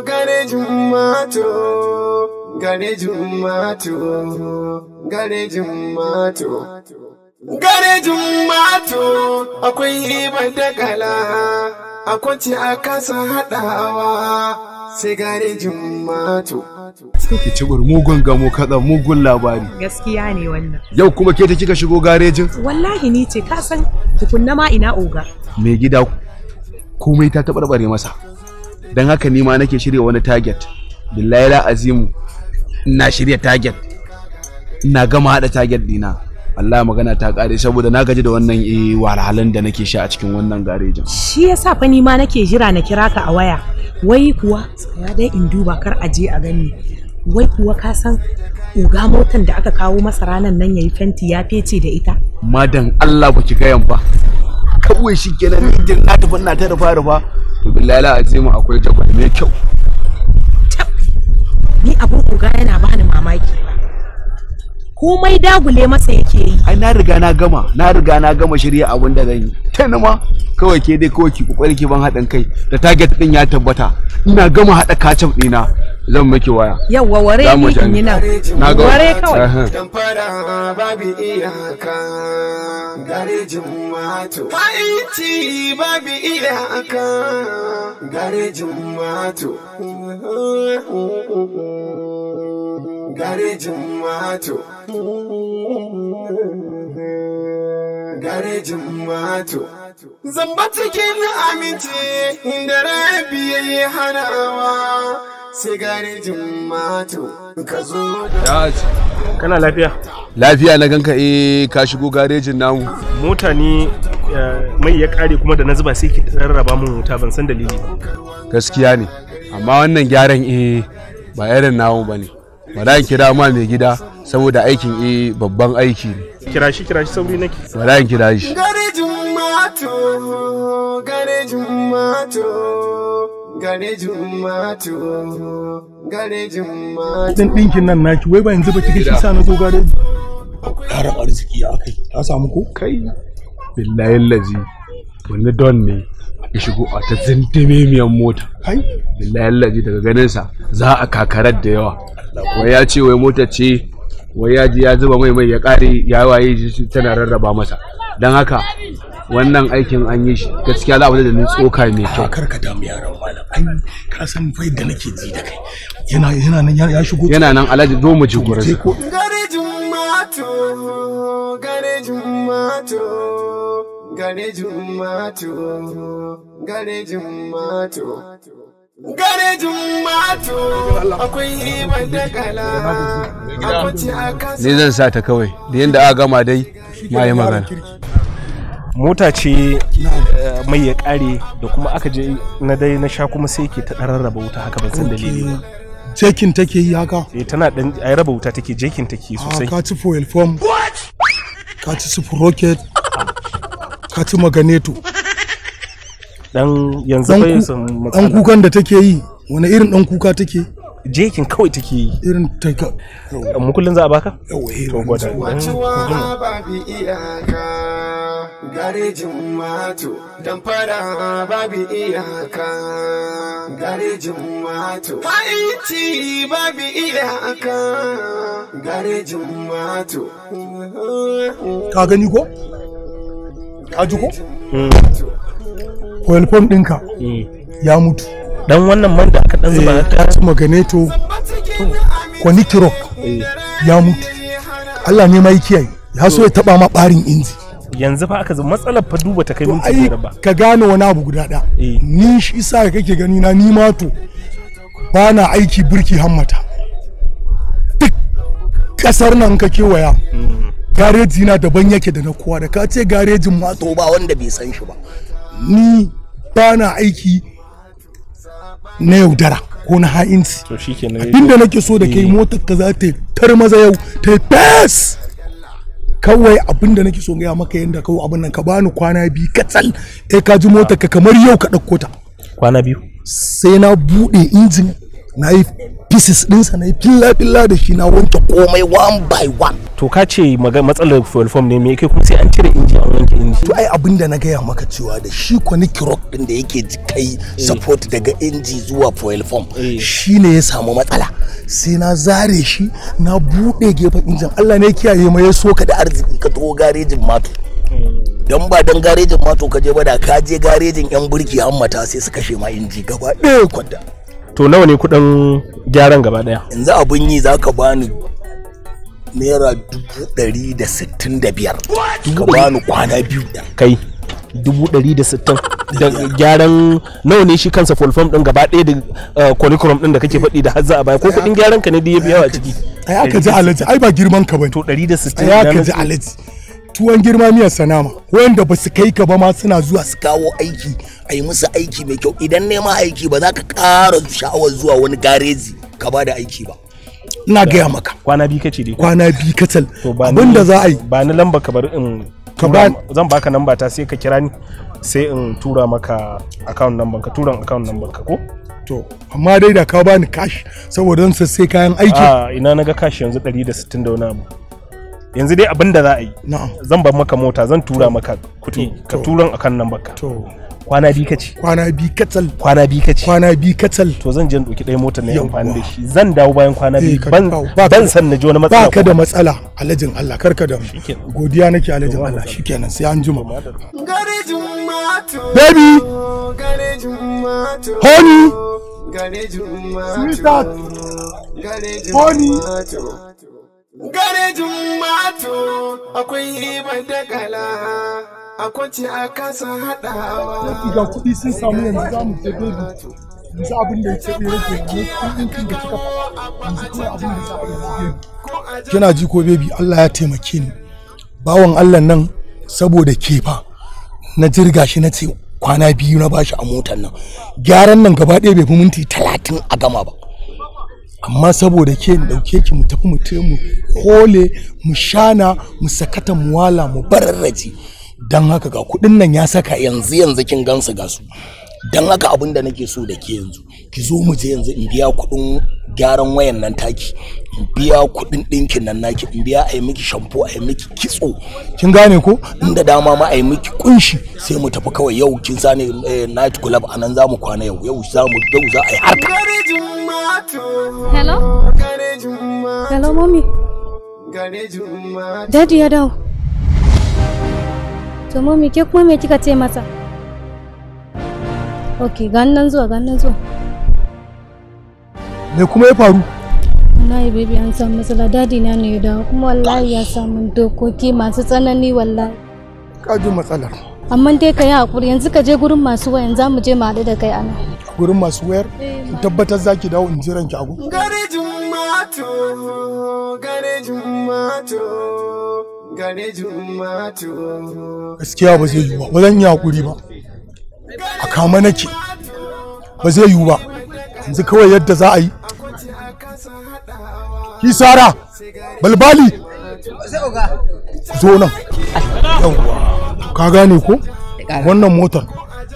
gare jummatu gare jummatu gare jummatu gare jummatu akwai badagala a kwanci a kasa haɗawa sai gare jummatu Suka ci mugun gamo kaɗa mugun labari. Gaskiya ne wannan. Yau kuma ke ta kika shigo garejin? Wallahi ni ce ka san tukunna ma ina oga. Mai gida komai ta taɓarɓare masa. don haka ni ma nake shirya wani target billahi la azimu ina shirya target ina gama haɗa target dina Allah magana ta kare saboda na gaji da wannan eh wahalhalun da nake sha a cikin wannan garejin shi yasa fa ni ma nake jira na kira ka a waya wai kuwa tsaya dai in duba kar a je a gani wai kuwa ka san uga motan da aka kawo masa ranan nan yayi fenti ya fece da ita madan Allah ba ki gayan ba kawai shi kenan ni na tafi na ta rufa rufa to billahi azimu akwai jagwal mai kyau ni abun kuga yana bani mamaki komai dagule masa yake yi ai na riga na gama na riga na gama shirya abun da zan yi tana ma kawai ke dai kawai ki kokari ki ban haɗin kai da target din ya tabbata ina gama haɗa kacam ɗina zan miki waya yawa ware ne in yi nan na ga ware kawai dan fara babu iyaka garejin mato faiti babu iyaka garejin mato garejin mato garejin mato zamba cikin aminci da rabi yayi hanawa ka kana lafiya lafiya na ganka eh ka shigo garejin namu mota ne eh, mai ya kare kuma da na zuba sai ki rarraba mun wuta ban san dalili ba. gaskiya ne amma wannan gyaran eh ba irin namu bane bara in kira ma mai gida saboda aikin eh babban aiki ne kira shi kira shi sauri nake bara in kira shi garejin mato garejin mato gare jummatu gare jummatu dan dinkin nan naki wai ba yanzu ba kike shi sa na zo gare karar arziki a kai ta samu ko kai billahi lazi wani don ne ya shigo a ta zindime miyan mota kai billahi lazi daga ganin sa za a kakarar da yawa wai ya ce wai mota ce wai ya ji ya zuba mai mai ya kare ya waye tana rarraba masa don haka wannan aikin an yi shi gaskiya za a wadda da ni tsoka mai kyau kar ka damu yaran malam an ka san fa da nake ji da kai yana yana nan ya shigo yana nan alhaji do mu ji gurin gare jumato gare jumato gare jumato gare jumato gare jumato akwai iman da kala akwai ci a kasa ne zan sa ta kawai da yanda aka gama dai mai magana mota ce eh, mai ya kare da kuma aka je na dai na sha kuma sai ke ta dan rarraba wuta haka ban san dalili ba jekin take yi haka eh tana dan ai raba wuta take jekin take sosai ah, ka ci fuel form ka ci super rocket ka ci maganeto dan yanzu bai san dan kukan da take yi wani irin dan kuka take jekin kawai take yi irin taika mu kullun za a baka to ba bi iyaka garejin mato dan fara ba bi iyaka garejin mato haiti ba bi ka gani ko ka ji ko hmm. hmm. ya mutu dan wannan manda dan eh, zuba maganeto eh. ya mutu Allah ne mai kiyaye ya so ya taba ma barin inji yanzu fa aka matsalar fa duba ta kai minti biyar ba ka gane wani abu guda da eh. ni shi isa kake gani na ni ma to ba na aiki birki hammata duk kasar nan ka kewaya mm. gareji na daban yake da na kowa da ka ce garejin ma ba wanda bai san shi ba ni ba na aiki na yaudara ko na ha'inci abinda nake so da kai eh. motar ka za ta tar maza yau ta yi fes kawai abinda nake so gaya maka yadda kawai abin nan ka bani kwana biyu katsal eh ka ji motar ka kamar yau ka ɗauko ta kwana biyu sai na buɗe injin na yi pieces ɗinsa na yi filla-filla da shi na wanke komai one by one to ka ce matsalar fuel form ne me kai kuma sai an cire injin to ai abin da na gaya maka cewa da shi ko ni rock din da yake kai eh. support daga inji zuwa fuel form eh. shine ya samu matsala sai na zare shi na bude gefen injin Allah ne kiyaye mai so ka da arziki ka to garejin mato eh. don ba don garejin mato ka je ba da ka je garejin yan burki mata sai su kashe ma inji gaba ɗaya kwanda to nawa ne kudin gyaran gaba ɗaya yanzu abun yi zaka bani naira dubu ɗari da sittin da biyar ka bani kwana biyu kai dubu ɗari da sittin da gyaran nawa ne shi kansa fulfam ɗin gaba ɗaya da uh, curriculum ɗin da kake faɗi da har za a baya ko kuɗin gyaran ka ne da ya biya a ciki ai aka ji alaji ai ba girman ka bane to ɗari da sittin ai aka ji alaji tuwon girma miyar sanama wanda ba su kai ka ba ma suna zuwa su kawo aiki a yi musu aiki mai kyau idan nema aiki ba za ka ƙara sha'awar zuwa wani gareji ka ba da aiki ba na gaya maka kwana bi kace dai kwana biyu kacal abinda za a yi ba ni lamba ka bar in zan baka namba ta sai ka kira ni sai in tura maka account number ka tura account number ka ko to amma dai da ka bani cash saboda sai kayan aiki a ah, ina naga cash yanzu 160 da wani abu yanzu dai abin da za a yi zan bar maka mota zan tura maka kuɗi ka turan akan nan baka kwana bi kace kwana bi katsal kwana bi kace kwana bi katsal to zan je doki ɗaya motar na amfani da shi zan dawo bayan kwana eh, bi ban ban san na ji wani matsala baka da matsala alajin Allah karka da godiya nake alajin Allah shikenan sai an jima garejin mato baby garejin mato honey garejin mato sweetheart honey Garejin mato akwai madagala a kwanci a kasa haɗawa. Yanki ga kuɗi sun samu yanzu za mu je bebi. Yanzu abin da ya ce ɗaya rage ne kuɗin kan da kika yanzu kuma abin da za a yi Kina ji ko bebi Allah ya taimake ni. Bawan Allah nan saboda fa na jirga shi na ce kwana biyu na bashi a motar nan. Gyaran nan gaba ɗaya bai fi minti talatin a gama ba. amma saboda ke in ɗauke ki mu tafi mu te mu kole mu shana mu sakata mu wala mu bararraji don haka ga kudin nan ya saka yanzu yanzu kin gansu ga su don haka abin da nake so da ke yanzu ki zo mu je yanzu in biya kuɗin gyaran wayan nan taki in biya kuɗin ɗinkin nan naki in biya a yi miki shampo a yi miki kitso kin gane ko inda dama ma a yi miki kunshi sai mu tafi kawai yau kin sani eh, night club a nan za mu kwana yau yau za mu yau za a yi harka hello hello mommy daddy ya dawo to mommy ke kuma me kika ce masa ok gani zuwa gani zuwa me kuma ya faru wallahi baby an samu matsala dadi na ne da kuma wallahi ya samu dokoki masu tsanani wallahi kaji matsalar amma dai ka yi hakuri yanzu ka je gurin masu wayan za mu je mu haɗu da kai ana gurin masu wayar eh, in tabbatar za ki dawo in jiran ki a gun garejin mato garejin mato garejin gaskiya ba zai yi ba ba zan yi hakuri ba kama nake ba zai yiwu ba yanzu kawai yadda za a yi kisara balbali zo nan yawwa ka gane ko wannan motar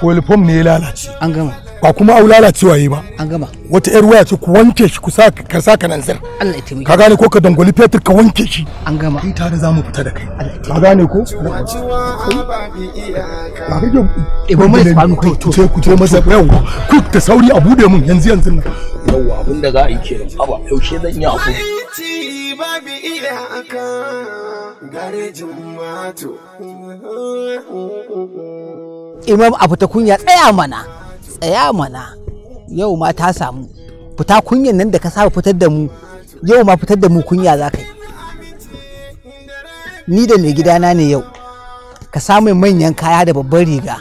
ko ne ya lalace an gama ba kuma au lalacewa yi ba an gama wata yar waya ce ku wanke shi ku sa ka sa ka nanzir Allah ya taimake ka gane ko ka dangwali fetur ka wanke shi an gama in tare zamu fita da kai ka gane ko ba kake eh, ba mai spanu to to ce ku ce masa yau ku ta sauri a bude mun yanzu yanzu nan yau abin da za a yi kenan aba yaushe zan yi abu babu iyaka garejin mato imam abu ta kunya tsaya mana tsaya mana yau ma ta samu fita kunyan nan da ka saba fitar da mu yau ma fitar da mu kunya za ka yi ni da mai gidana ne yau ka samu manyan kaya da babban riga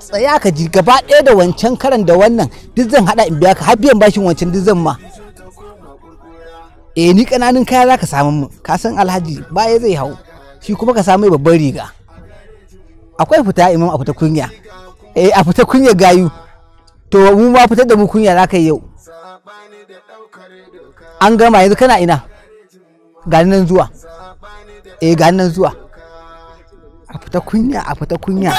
tsaya ka ji gaba ɗaya da wancan karan da wannan duk zan haɗa in biya ka har biyan bashin wancan duk zan ma eh ni ƙananan kaya za ka samu mu ka san alhaji ya zai hau shi kuma ka samu babban riga akwai fita imam a fita kunya eh a fita kunya gayu to mu ma fitar da mu kunya za ka yi yau an gama yanzu kana ina ga nan zuwa eh ga nan zuwa a fita kunya a fita kunya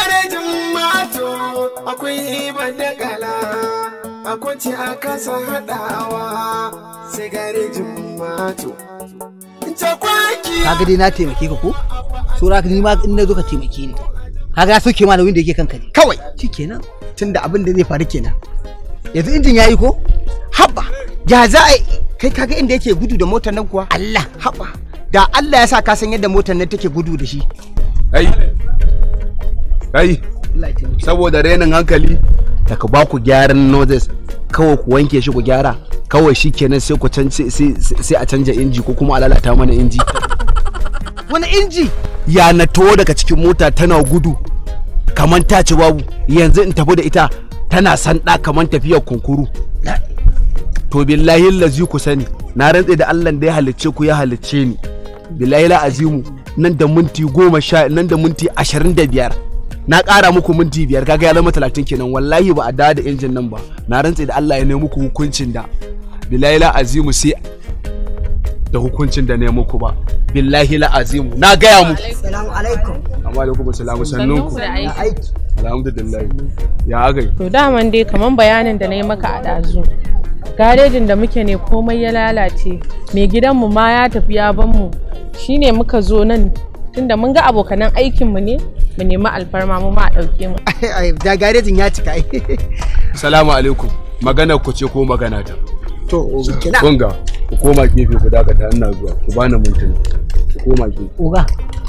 akwai da kala a kwanci a kasa haɗawa sai gare jimmato kaga dai na taimake ka ko so ka ni ma in na zo ka taimake ni kaga ya sauke malamin da yake kanka ne kawai shikenan tunda abin da zai faru kenan yanzu injin yayi ko haba ya za a kai kaga inda yake gudu da motar nan kuwa Allah haba da Allah ya sa ka san yadda motar nan take gudu da shi ai ai saboda renin hankali da ka ba ku gyaran noses kawai ku wanke shi ku gyara kawai shi kenan sai ku sai a canja inji ko kuma a lalata mana inji wani inji ya na daga cikin mota tana gudu kamar ta ci babu yanzu in tafi da ita tana sanda kamar tafiyar kunkuru to billahi lazi ku sani na rantse da Allah da ya halicce ku ya halicce ni billahi la azimu nan da minti goma sha nan da minti ashirin da biyar na ƙara muku minti biyar kaga ya zama talatin kenan wallahi ba a dawo da injin nan ba na rantse da Allah ya nemi muku hukuncin da billahi la azimu sai da hukuncin da ne muku ba billahi la'azim na gaya mu. assalamu alaikum amma alaikum assalamu sannun ku alhamdulillah ya agai to daman dai kaman bayanin da na yi maka a dazu garejin da muke ne komai ya lalace mai gidanmu ma ya tafi ya ban mu shine muka zo nan tunda mun ga abokanan aikinmu ne mu nemi alfarma mu ma a ɗauke mu da garejin ya cika Salamu alaikum magana ku ce ko magana ta to kina kunga ku koma gefe ku dakata ina zuwa ku bani mintuna koma ke. oga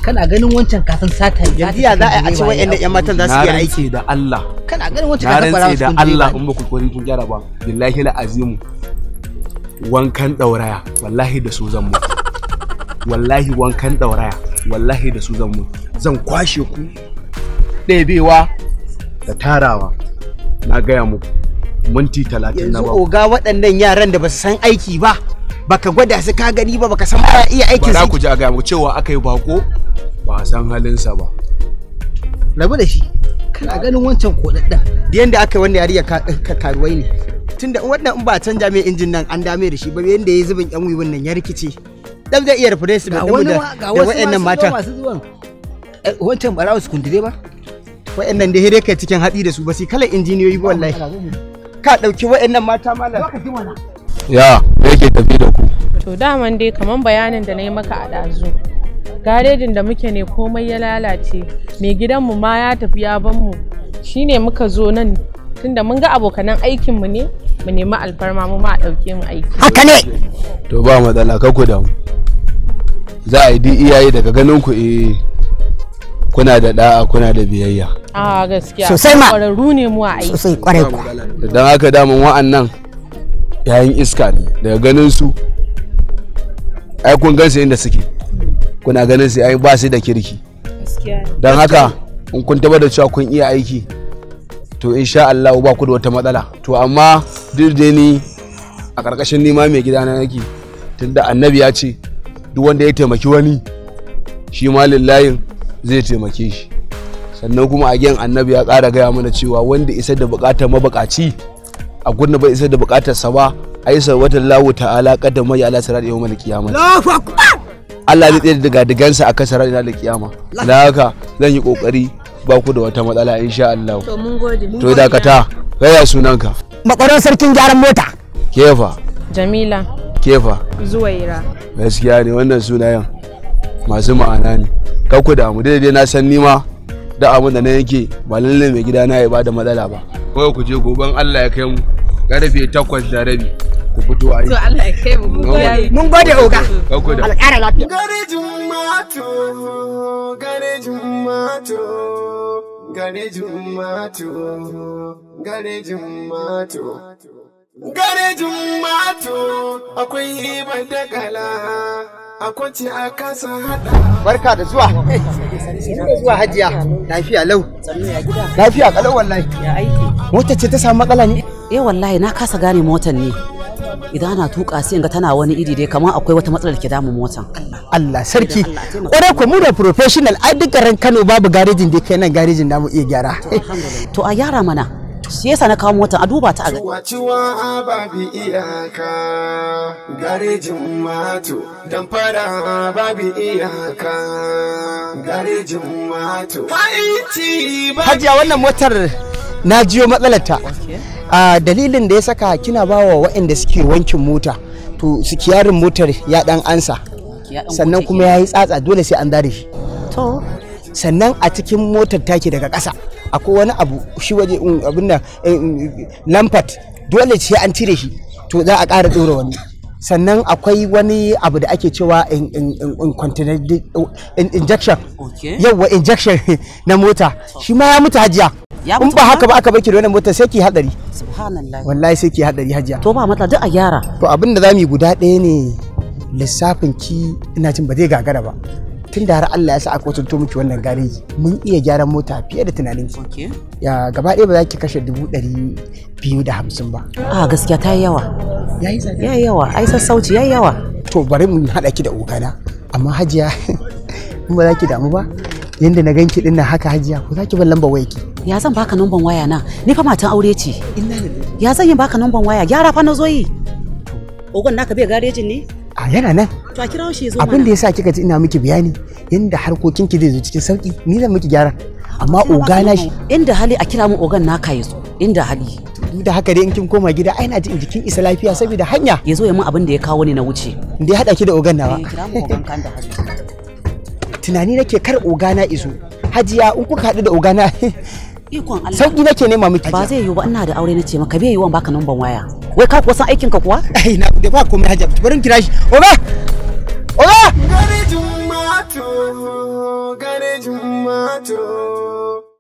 kana ganin wancan kasan sata yanzu ya za a ce ɗan ɗan matan za su yi aiki da Allah kana ganin wancan kasan fara da Allah in ba ku kori kun gyara ba billahi la azimu wankan dauraya wallahi da su zan mu. wallahi wankan dauraya wallahi da su zan mu. zan kwashe ku ɗebewa da tarawa na gaya muku minti talatin na ba. Yanzu oga waɗannan yaran da ba su san aiki ba baka gwada su ka gani ba baka san ba iya aikin su ku ji a ga cewa aka yi bako ba san halin sa ba rabu da shi kana ganin wancan kodaddan da yanda aka yi wanda yariya ka karuwai ne tunda wannan in ba canja mai injin nan an dame da shi ba yanda ya zubin yan wiwin nan ya rikice dan zai iya reference da da wayannan mata eh, wancan barawo su kundire ba wayannan da hire kai cikin hadi da su ba sai kala injiniyoyi ba wallahi ka dauki wayannan mata malam ya yake tafi da ku to daman dai kaman bayanin da na yi maka a ɗazu garejin da muke ne komai ya lalace mai gidanmu ma ya tafi ya ban mu shine muka zo nan tunda mun ga abokanan aikinmu ne mu nemi alfarma mu ma a ɗauke mu aiki haka ne to ba matsala ka ku mu za a yi di iyaye daga ganin ku eh kuna da da'a kuna da biyayya a gaskiya sosai ma ƙwararru ne mu a aiki sosai ƙwarai ku don haka damun wa'annan yayin iska ne daga ganin su ai kun gan su inda suke kuna ganin su ai ba su da kirki don haka in kun taba da cewa kun iya aiki to insha Allah ba ku da wata matsala to amma duk da ni a karkashin nima mai gida na nake tunda annabi ya ce duk wanda ya taimaki wani shi ma lillahin zai taimake shi sannan kuma a gen annabi ya ƙara gaya mana cewa wanda isa da buƙatar mabuƙaci a gudun bai isar da bukatarsa ba aisa wata lawo ta'ala da mai ala sarari yau qiyamah kiyama Allah zai tsaye daga digansa a kan ila da kiyama da haka zan yi kokari ba ku da wata matsala sha Allah to mun dakata to sunanka makwaron sarkin gyaran mota kefa jamila kefa zuwaira gaskiya ne wannan sunayen masu ma'ana ne kakku da mu daidai na san nima da abin da na yanke ba lalle mai gida na ya ba da matsala ba kawai ku je goben Allah ya kai mu karfe takwas da rabi ku fito a yi to Allah ya kai mu mun gode oga alƙara lafiya gare jumato gare jumato gare jumato gare jumato gare jumato akwai ibada kala a kwance a kasa hada barka da zuwa da zuwa hajiya lafiya lau lafiya kalau wallahi mota motar ce ta samu matsala ne eh wallahi na kasa gane motan ne idan ana tuka sai ga tana wani iri dai kamar akwai wata matsalar ke damu motan Allah sarki kwarai ko mu da professional ai duk ran Kano babu garejin da kai nan garejin namu iya gyara to a yara mana shi yasa na kawo motar a duba ta a gani ciwa babi iyaka garejin mato dan fara babi iyaka garejin mato hajiya wannan motar na jiyo matsalarta a dalilin da ya saka kina bawa waɗanda suke wankin mota to sikiyarin motar ya dan ansa sannan kuma ya yi tsatsa dole sai an dare shi to sannan a cikin motar take daga ƙasa akwai wani abu shi waje um, abin da eh, um, lampat dole ce an cire shi to za a ƙara ɗora wani sannan akwai wani abu da ake cewa oh, injection yawa injection na mota shi ma ya mutu hajiya in ba haka ba aka baki da wannan mota sai ki hadari wallahi sai ki hadari hajiya to ba mata duk a gyara to abin da zamu yi guda ɗaya ne lissafin ki ina jin ba zai gagara ba tun da har Allah ya sa aka wacanto miki wannan gareji mun iya gyaran mota fiye da tunanin ki ya gaba ɗaya ba za ki kashe dubu ɗari biyu da hamsin ba a gaskiya ta yi yawa ya yi yawa ai sassauci ya yi yawa to bari mu haɗa ki da ogana amma hajiya in ba za ki damu ba yanda na ganki na haka hajiya ko za ki bar lambar ki? ya zan baka numban waya na ni fa matan aure ce ya zan yi baka numban waya gyara fa na zo yi ogon naka bai garejin ne a yana nan abin da ya sa kika ji ina miki bayani yadda harkokin ki zai zo cikin sauki ni zan miki gyara amma ogana shi inda hali a kira mu ogan naka zo inda hali duk da haka dai in kin koma gida ai na ji jikin isa lafiya saboda hanya zo ya mun abin da ya kawo ni na wuce in dai hada ki da ogan nawa eh, tunani nake kar ogana izo hajiya in kuka hadu da ogana Ikon Allah. Sauki nake nema miki. Ba zai yiwu ba ina da aure nace maka bai yiwu baka numban waya. Wai ka kuwa san aikin ka kuwa? Ai na da ba komai hajja bari kira shi. Oba! Oba! Gare to, gare to.